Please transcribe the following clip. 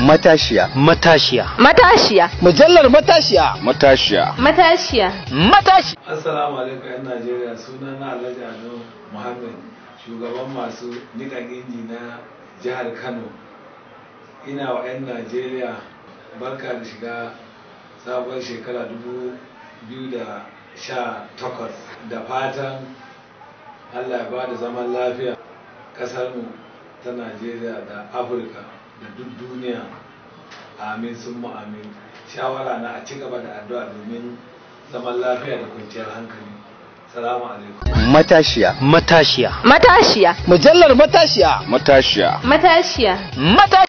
Matashiya. Matashiya. Matashiya. Mujallar matashiya. Matashiya. Matashiya. Matashi. Assalamu alaikum 'yan Najeriya suna Alhaji Ado Muhammad shugaban masu nika inji na jihar Kano. Ina wa 'yan Najeriya barka da shiga sabon shekara dubu biyu da sha takwas da fatan Allah ya ba da zaman lafiya ƙasarmu ta Najeriya da Afirka. da duk duniya amin sun amin shawara na a ci gaba da addu'a domin zaman lafiya da kwanciyar hankali salamu alaikum matashiya matashiya matashiya mujallar matashiya matashiya matashiya